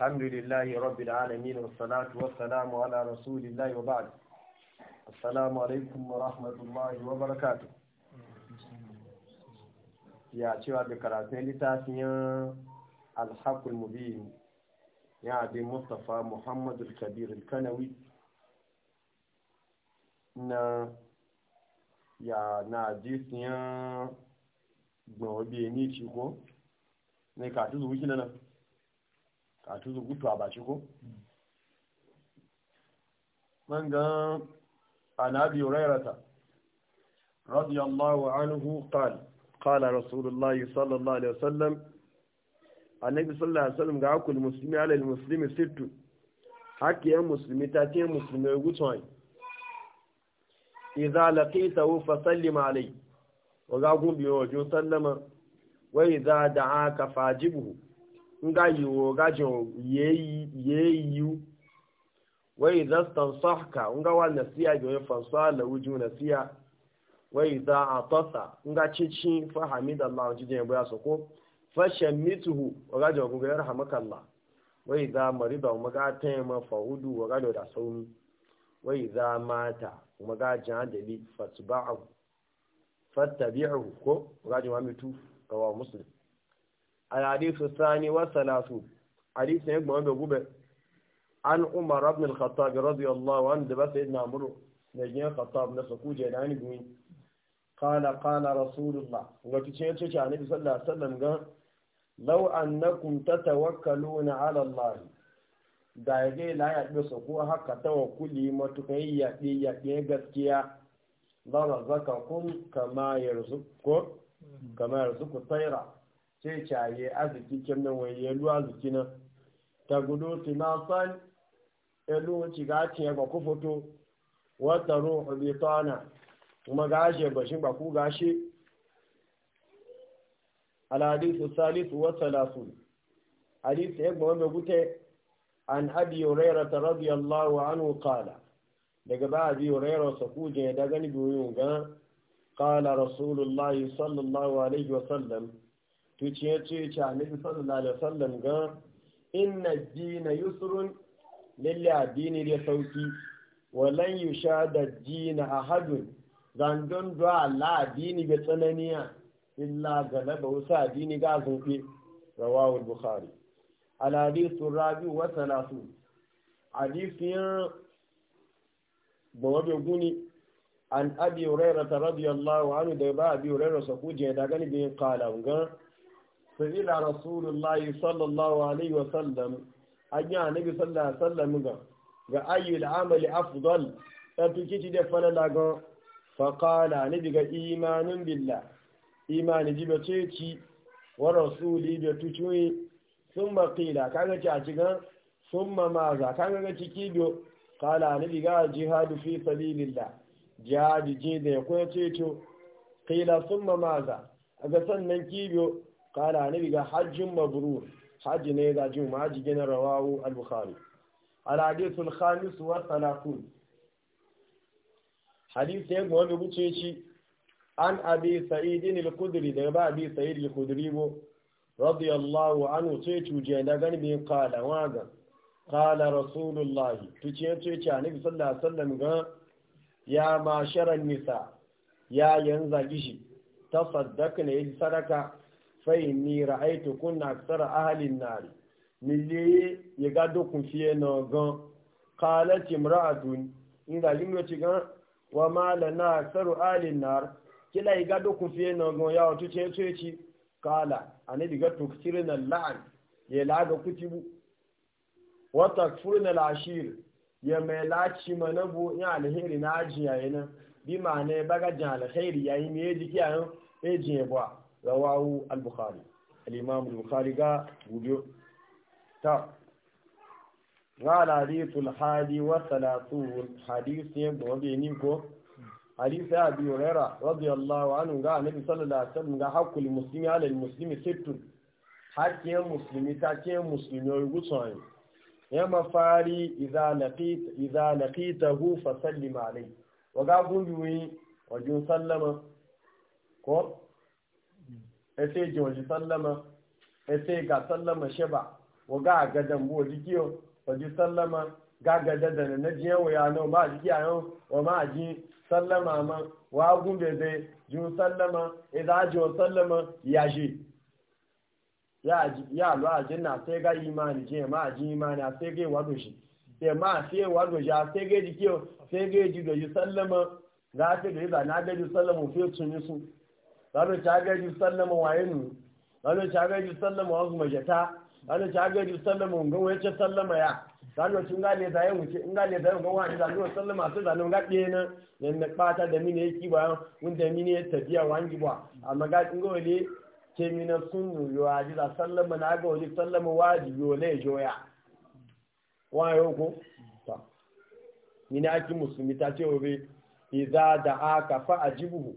الحمد لله رب العالمين والصلاة ya cewa da karatun littafin alhakul mubin ya bi mustapha muhammadu kabir na ya na jisiyan katu su gutu a baci ko man gan anabi rairata radiyallahu anhu qala qala rasulullahi sallallahu alaihi wasallam annabi sallallahu alaihi wasallam ga akul muslimi ala al muslimi sittu hakiyan muslimi ta tiyan muslimi gutu ai idza laqitahu fa sallim alai? wa ga gumbi wa jo sallama wa idza da'aka fajibuhu nga yiwo gajin yayi wai zastan tansahka nga wa nasiya ga fansa la wuju nasiya wai za a tasa nga cici fa hamid Allah ji jin baya soko fa shamituhu wa gajin ku ga yarhamaka Allah wai za marida ma ga ma fa hudu wa gajin da sauni wai za mata kuma gajin dali fatba'u fattabi'u ko gajin wa mitu wa muslim الحديث الثاني والثلاثون حديث يجمع بجوبة عن عمر بن الخطاب رضي الله عنه بس سيدنا عمر نجين الخطاب نسكو جيلاني بوين قال قال رسول الله وكتشين تشي النبي صلى الله لو أنكم تتوكلون على الله da la ya ɗi su ko haka tawakkuli matukai ya ɗi ya ɗi gaskiya ba razaka kun kama yarzuku kama yarzuku tayra sai caye arziki kyan nan wani yalu arziki nan ta gudu timasan yalu ci gacin ya baku foto wata ruhu tana kuma gashe bashin baku gashe alhadisu salisu wa salasun hadisu ya gbawa mai gute an abi ta radiyallahu anhu qala daga ba abi hurairah sakuje daga ni biyu ga qala rasulullahi sallallahu alaihi wa sallam tuci ya ce ce annabi sallallahu alaihi wasallam ga inna dina yusrun lalle dini da sauki walan yushada dina ahadun don do Allah addini ga tsananiya illa galaba wasu addini ga zunfi rawahu al-bukhari al hadithu rabi wa salatu ya bawabe guni an abi hurairah radiyallahu anhu da ba abi hurairah sakuje da gani bin qala ga sabila rasulullahi sallallahu alaihi wa sallam an yi annabi sallallahu alaihi wa sallam ga ga ayyul amali afdal ta tuki ci da fana laga fa qala annabi ga imanun billah imani jibe ce ci wa rasuli da tuci sun qila kaga ci a cikin summa maza kaga ga ciki biyo qala annabi ga jihadu fi sabilillah jihadi je da ya koyace to sun summa maza aga sannan kibiyo kala annabi ga hajjin mabrur haji ne ga jin maji gina rawahu al-bukhari al-hadithul khamis wa thalathun hadith ya gwa buce shi an abi sa'id al-khudri da ba abi sa'id al-khudri bo radiyallahu anhu sai tuje da gani bin kala waga kala rasulullahi tuce tuce annabi sallallahu alaihi wasallam ga ya masharan nisa ya yanza gishi tasaddaka ne sadaka fai niile anyi tukuna akisara alinaala nilee i ga dukku fiyeno gaŋ kaala timra adu nga ndu ndu gan wa maala na akisaru alinaala chela i ga dukku fiyeno gaŋ ya ɔte chɛ ɛ chɛchɛ kaala na-e ga tukutirina laala ndu ya laa ka kutibu ɔtɔk furulaa shiri ya maila achima na buu ya alheri na-eji a bi maanee ba ka ji alheri ya anyi ma ndi a ya anyi e ji ya bua. rawahu al-bukhari al-imam al-bukhari ga gudu ta ghalalitul hadi wa salatun hadith ne ko hadith ya bi urera radiyallahu anhu ga annabi sallallahu alaihi wasallam ga hakul muslimi ala al-muslimi sittun hakke ta ke muslimi yugo sai ya mafari idza laqit idza laqitahu fa sallim alayhi wa ga gudu ko ese ji waje sallama ese ga sallama sheba wa ga gadan bo jikiyo waje sallama ga gadan da na jiya wa ya no ma jikiya yo wa ma ji sallama ma wa gumbe be ji sallama idan e ji sallama ya ji ya ji ya lo a ji na sai ga imani je ma ji imani sai ga wado shi sai ma sai wado ja sai ga jikiyo sai ga ji da sallama ga ta ga na ga ji sallama fi tunisu lọ́nà tí agẹ́jù sọ́lọ́mọ̀ wáyé nù lọ́nà tí agẹ́jù sọ́lọ́mọ̀ ọgbọ̀n mọ̀jẹ̀ta lọ́nà tí agẹ́jù sọ́lọ́mọ̀ ngan wọ́n ṣe sọ́lọ́mọ̀ ya lọ́nà tí ngalẹ̀ zayen wuce wani na na da mini yake ba da mini ya tafiya amma ga ce sun a jiza sallama na yo ne joya ko ta musulmi ta ce wa iza da aka fa ajibuhu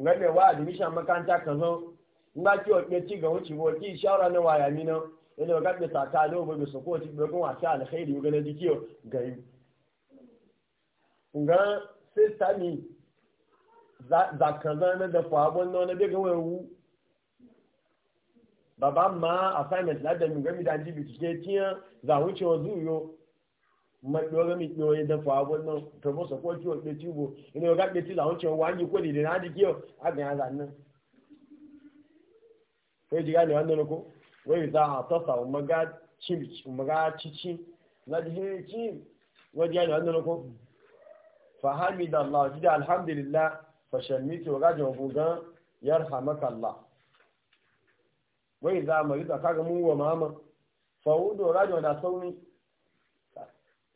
Nga ngabe wa admission ka kazo ngba ki ope ti ga wuci wo ki shawara na waya mi na ele ga be saka do bo be soko ti be gun asa alkhairi ga le dikiyo gayu nga se sami za za kaza na da fa bon no na be ga wu baba ma assignment la da mi ga mi da ji bi ti ke tiyan za wuci wo zu yo maɗora mi ɗoye da fawon nan farfasa ko kiwo ɗe tubo ina yau gaɗe tila wancan wani ko da na jiki yau a ga yaza nan kai ji gane wannan ko wai za a tasa maga cici na ji he ci wai gane wannan ko fa hamida Allah ji da alhamdulillah fa shammiti wa gajin yar yarhamaka Allah wai za a rida kaga mu wa mama fa wudo rajin da sauni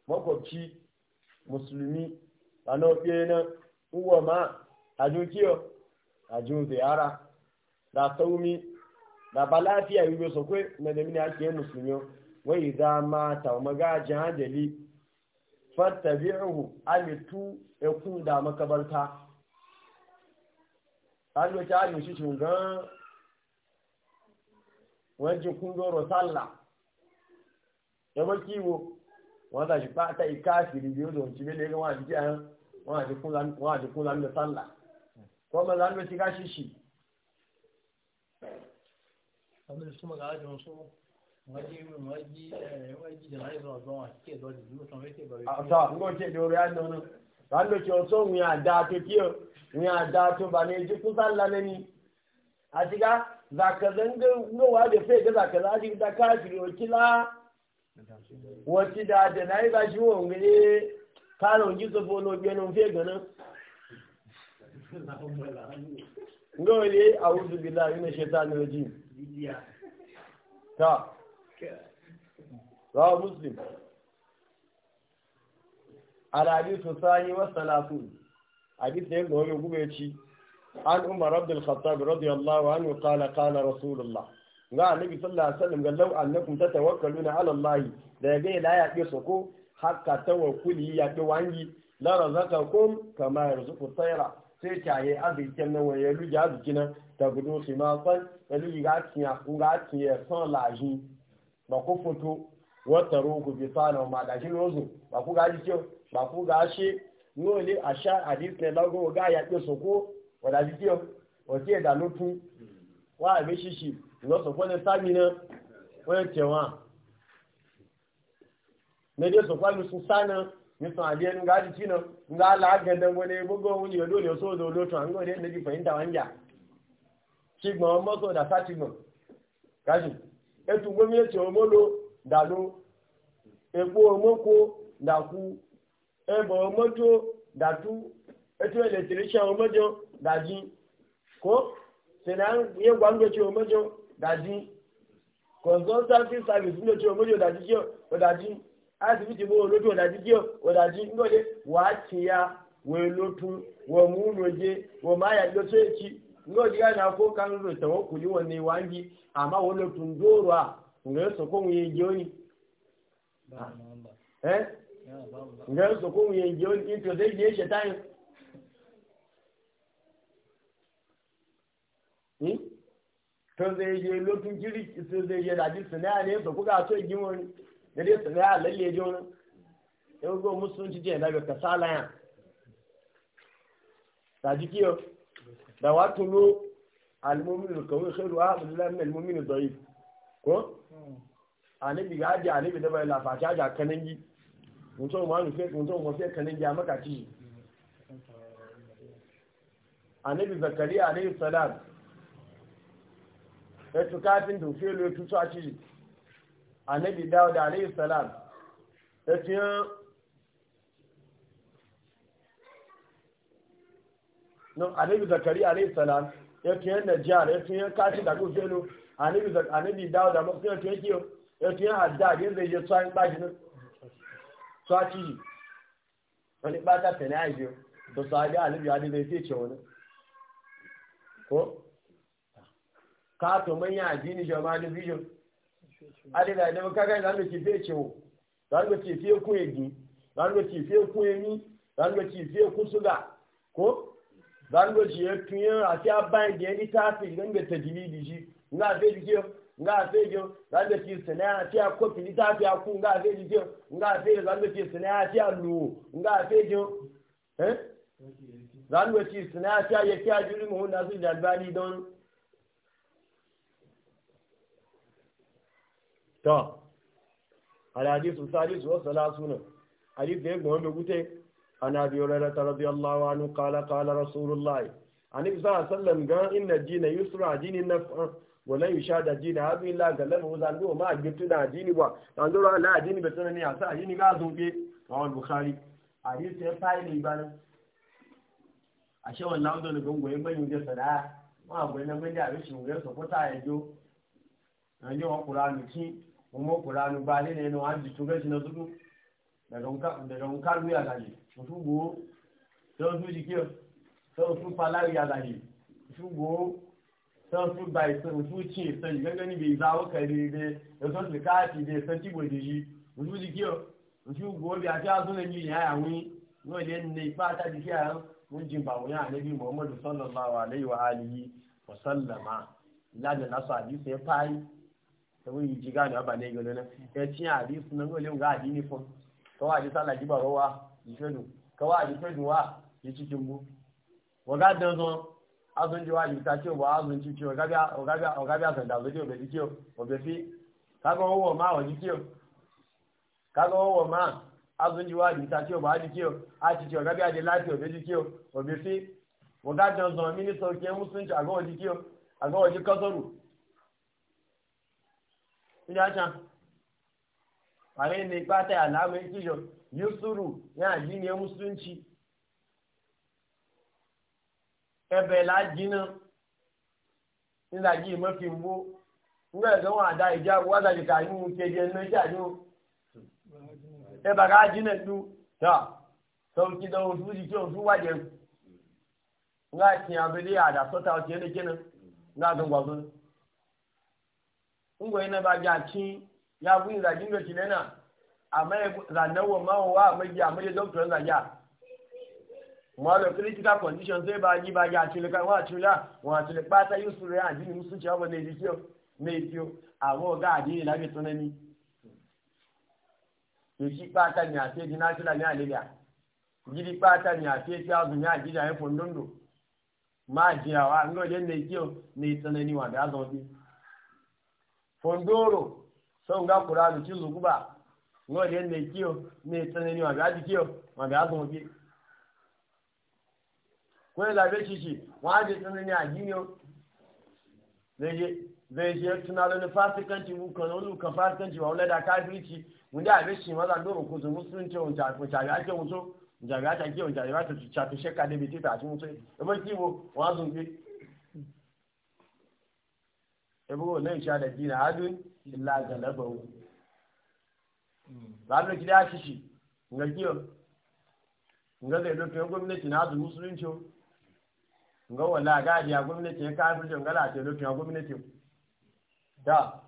makwabci musulmi a nau'e na uwa ma a jukiyo a jun ziyara da saumi da ba lafiya yi yoso sokwe na da mini ake musulmi wai za ma ta magajin hajjali fata biyu alitu ya kunda makabarta hannu ta hannu shi shugan wajen kundoro sallah ya makiwo wọ́n tàbí pátá ìkáàkiri bí ó lòun ti mélé wọ́n àti jẹ́ wọ́n àti fún lánàá sálà kọ́mọ lánàá ti ká ṣíṣì. ọmọ ìsúnmọ̀ gàá orí àná náà lánàá ti ọ̀sọ́ òun àdá tó kí ọ òun àdá tó bà ní ẹjọ́ kó sálà lẹ́ni àti ká zàkàzẹ́ ń gbé wàá dé fẹ́ẹ̀ wọ́n da àtẹ̀lá yìí bá ṣí wọ̀ ń an Ngọ́ ilé àwùjọ Ta. Rawa ci. An Umar Abdul Khattab radiyallahu ga annabi sallallahu alaihi wasallam ga law annakum tatawakkaluna ala allah da ga ila ya ke soko hakka tawakkuli ya ke wangi la razaqakum kama yarzuqu tayra sai ta yi azikin nan waye ruja azikina ta gudu simafan wani ga tiya ku ga tiya son laji ba ku foto wata roku bi sana ma da shi rozu ba ku ga jikin ba ku ga shi nole a sha hadis ne lagun ga ya ke soko wadajikin wace da lutu wa abin shishi ìlọ́sọ̀ fún ẹni sáàmì náà wọ́n ẹ̀ tẹ̀wọ̀n mẹ́jẹ́ sọ̀pá ló sún sáànà nítorí àdé ẹnu gáàdì tí náà ń gá láàgẹ̀dẹ̀ wọlé gbogbo ohun yìí olóòtú méjì fẹ̀yìn tàwọn gáàdì ètò dàlú dàkú ẹbọ dàtú ètò ẹlẹtìrìṣà dàjí daji consultancy service ní ojú omori ọ̀dàjí kí ọ̀dàjí asibiti bó olójú ọ̀dàjí kí ọ̀dàjí ńgọ́dẹ wà á ti ya wọ elótu wọ múnúje wọ máyà lọ́sọ̀ èkì ńgọ́dẹ yà náà kó kánú rẹ̀ tẹ̀wọ́ kù ní wọn ní wá ń yí àmọ́ dóòrò à ǹgẹ́ sọ̀kọ́ wọn yẹn jẹ́ ǹgẹ́ sọ̀kọ́ wọn yẹn jẹ́ to zai je lokacin kiri su zai je da jisu na ne to kuka so yi wani da dai su na lalle je wani yau go musulunci je na ga kasala ya ta ji kiyo da wato lo almumin kawai khairu wa abdullahi min almumin dhaif ko anabi ga aje anabi da bai lafata ga kanangi mutum ma nufe mutum ma sai kanangi a makaci Zakari zakariya alayhi salam ya tukafin da fiye lo tutu a ciki annabi dawud alayhi salam ya tiyan no annabi zakari alayhi salam ya tiyan najjar ya tiyan kashi da ku fiye lo annabi dawud amma sai ya tiyan kiyo ya tiyan haddad yanzu ya tsayin baki nan tsa ciki wani bata fena ya biyo da sahabi annabi ya ne zai ce wani ko kato manyan addini jama'ani vision adida idan kaga zan da kife cewo zan da kife ku yegi zan da kife ku yemi zan da kife ku suga ko zan da kife ku a ati aban da ni ta fi zan da tajwidi shi nga fe ji ke nga fe ji zan da kife sana a ko fili ta fi aku nga fe ji ke nga fe zan da kife sana ati a lu nga fe ji eh zan da kife sana ati a yake ajuri mu na su jalbani don to hadisu salisu wa salasuna hadis da yake wanda gute ana biyo rara ta rabi Allah wa nu kala kala rasulullah ani bi sa sallam ga inna jina yusra jini na wa la yushada jina abi la galam wa zalbu ma gitu da jini ba dan dora la jini be tsana a sa jini ga zo ya fa'i ne ba nan a she wannan da nan goyen ban yin sada ma goyen nan ban da rashin gurin sa ko ta yajo dan yi wa qur'ani ki kuma kuranu ba ne ne wa ji tuga shi na zudu daga unka daga unka ruya gaji tugo to su jikiyo to su falari ya gaji tugo to su bai su su ci sai ganga ni bai zawo kare ne da so su kati da sai ti gode yi su jikiyo su go bi a ta sunan yi ya yawi no le ne ba ta jikiya mun jin ba wani annabi Muhammadu sallallahu alaihi wa alihi wa sallama la da nasu hadisi ya fayi ẹ̀wọ̀n yìí gáàdì àbàlẹ̀ ìgbẹ̀lẹ̀ náà ẹ̀tí àdí sinagó lè ń gá àdí nífọn kọwàá àdí sálà jíbà rọ wá ìfẹ́dù kọwàá àdí fẹ́dù wá ìtú ti mú ọ̀gá dandan azọ́njú wá ìlú tàbí ọ̀wọ̀ azọ́n títí ọ̀gá bí àtàndà lójú ọ̀bẹ̀ títí ọ̀bẹ̀ fi kágọ́ owó ọ̀má ọ̀ títí ọ̀ kágọ́ owó ọ̀má azọ́njú wá ìlú tàbí ọ̀bọ̀ títí ọ̀gá bí adé láti ọ̀bẹ̀ títí ọ̀bẹ̀ fi ọ̀gá dandan mínísọ̀ kí ẹ ndị ọcha wàhálà na ipá tẹ yusuru ya yóò na ní àjínì mùsùlùmí ẹbẹ lájínà nígbà mafi ìmọ̀ fi ń bó nígbà tó wọn àdá ìjà wọ́n àti kàyí mú kejì ẹnu ẹjẹ àjò ẹbà kájínà tó tà tó ti dán oṣù tí tí oṣù wájẹ nígbà ngo na ba ja ci ya bu za jin do cinena amma za nawo ma wa ma ya ma doctor za ja mo lo critical condition sai ba ji ba ja ci le kan wa ci la wa ci le pa ta yusu re an ji musu ci abo ne ji o ne ji o ga di la bi tunani to shi pa ta ni ate di national ni alelia gidi pa ta ni ase ti azu ni ajida e fondondo ma ji awa ngo je ne ji o ne tunani wa da zo bi fondoro sau ga kuranu cin zuguba wanda yadda kiyo ne tsanani wa ga kiyo wa ga bi ko ya labe shi shi wa ji tsanani a giniyo zai je tunanin da fasikanci bukan wani bukan fasikanci ba wula da kafirci wanda a shi maza doro ko su musulunci wancaga ake mutu wancaga ake wancaga ta cuta ta shekka da bai tita a cikin mutu ya bai kiwo wa zunbe ebugo lan sha da dina hadun illa galabahu zalo kida shishi nga kiyo nga zai doke gwamnati na azu musulunci nga wala gaji a gwamnati ya kafirce nga lati doke gwamnati da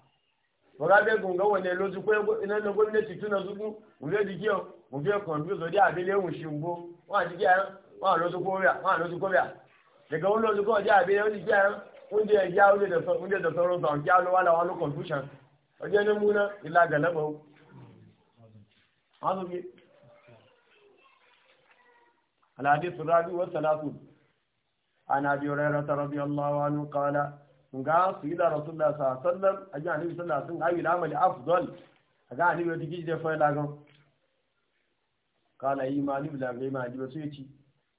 waga be gunga wane lozu ko ina na gwamnati tuna zugu wule dikiyo mu be confuse di abele mu shimbo wa dikiyo wa lozu ko ya wa lozu ko ya daga wani lozu ko di abele wa dikiyo wunde ya gya wunde da wunde da sauran sa gya lo wala wala confusion waje ne muna ila galaba hazo bi al hadith rabi wa salatu ta abi Allah wa anhu qala ga su ila rasulullah sallallahu alaihi wasallam ajani sallallahu alaihi ayi al afdal aga ni bi tiji da fa lagan qala imani bi la ga imani ba su yi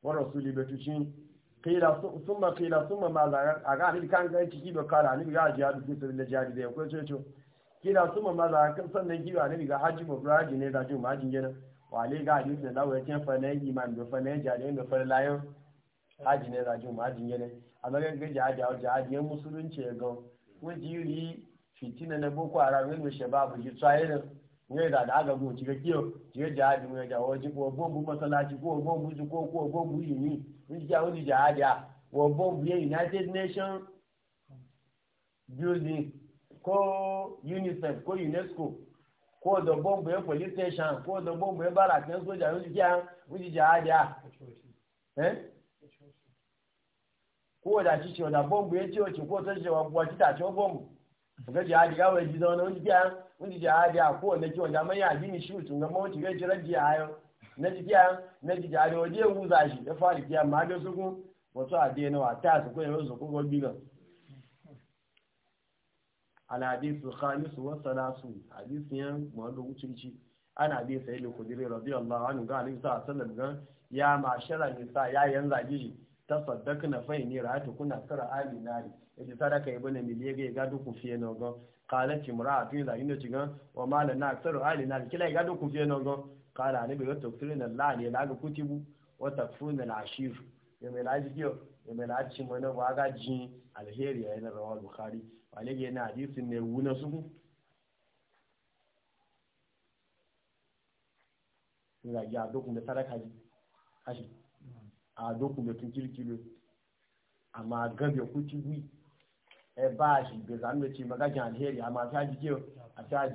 wa rasuli bi tucin kila summa kila summa ma za a ga ni kan ga ciki ba kala ni ga jihadu fi da jihadu da ko ce ce kila summa ma za kan sannan kiwa ni ga haji mubradi ne da juma jin jina wale ga hadisi da lawa yake fa ne iman da fa ne jihadu da fa layo haji ne da juma jin jina amma ga ga jihadu da jihadu ne musulunci ga ko jiri fitina na boko haram ne shababu ji tsayin ne da da aga go ci ga kiyo ga ne wajibi ko masallaci ko níjà ó dìjà àjà wọ́n bọ́ọ̀bù yẹ united nations building kó unicef kó unesco kó ọ̀dọ̀ bọ́ọ̀bù yẹ police station kó ọ̀dọ̀ bọ́ọ̀bù yẹ bára kí wọ́n sójà ó dìjà ó dìjà àjà kó ọ̀dà ṣíṣe ọ̀dà bọ́ọ̀bù yẹ tí o ti kó tó ṣe wà bọ̀ títà tí wọ́n bọ́ọ̀bù ga jihadi ga wai jidon na wani jiya wani jihadi a kowane kiwon da manya addini shi mutum ga mawuci ga na ji na ji da waje wuza shi ya fara kiyan ma ga suku wato a dai nawa ta su koyar su kuma bigan alhadisu wasu wa su hadisu yan mawadu wucinci ana yi sai da kudiri allah wani ga annabi sallallahu alaihi wasallam ya ma ne nisa ya yan shi ta saddaka na fai ne ra'atu kuna sara ali nari yace sadaka ibn miliye ga ga duk fiye na ga qalat imra'atu la da cigan wa malan na aksaru ali nari kila ga duk fiye na ga kala ne bai wata tafsirin Allah ne laga kutibu wa tafsirin al-ashir ya mai laji kiyo ya mai laji mana ba ga ji alheri ya yana rawa bukhari wale ga yana hadisin ne wuna su ga ya dokun da sadaka ji kashi a dokun da tun kirkiro amma gabe kutibu e ba shi ga alheri amma a ta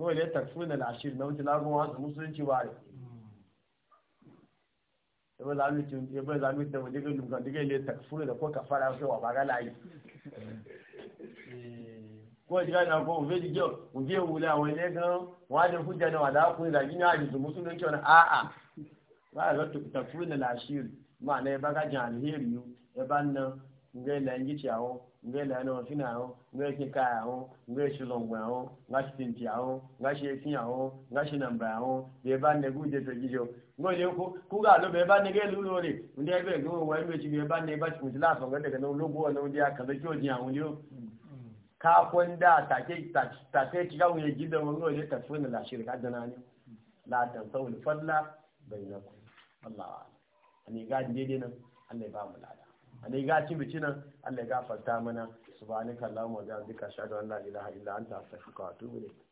wọ́n lè tẹ̀síwìn ní àṣírí náà ti lágún wọn mùsùlùmí ti wà rẹ̀ ẹgbẹ́ lámì tí ẹgbẹ́ lámì tẹ̀wọ̀ dégé lùgàn dégé lè tẹ̀síwìn lè kó kàfàrà fẹ́ wà ko láàyè kó ìdíkà náà kó òfé jíjọ òfé ìwúlẹ̀ àwọn ilé gan wọn á lè fún jẹ náà àdáwọ̀ fún ìlàjì ní àjùtù mùsùlùmí tí wọn àà báyìí lọ tẹ̀síwìn ní àṣírí máa ní ẹ ya kájà àlè nga ila ngichi awo nga ila na ofina awo nga eke ka awo nga eshi longwe awo nga shi tinti awo nga shi ekin awo nga shi namba awo be ba ne guje to gijo ngo le ko ku ga lo be ba ne ge lu lo le nde be wa be ba ne ba chi mutla so ga daga no lo go no dia ka be joji awo yo ka ta ke ta ta ke ki ga wuje gido ngo le ta funa la shirka dana ne la tan sawul fadla bainakum Allah ani ga dede Allah ba mu ne ga ci bici nan Allah ya gafarta mana subhanaka allahumma wa bihamdika ashhadu an la ilaha illa anta astaghfiruka wa atubu ilayk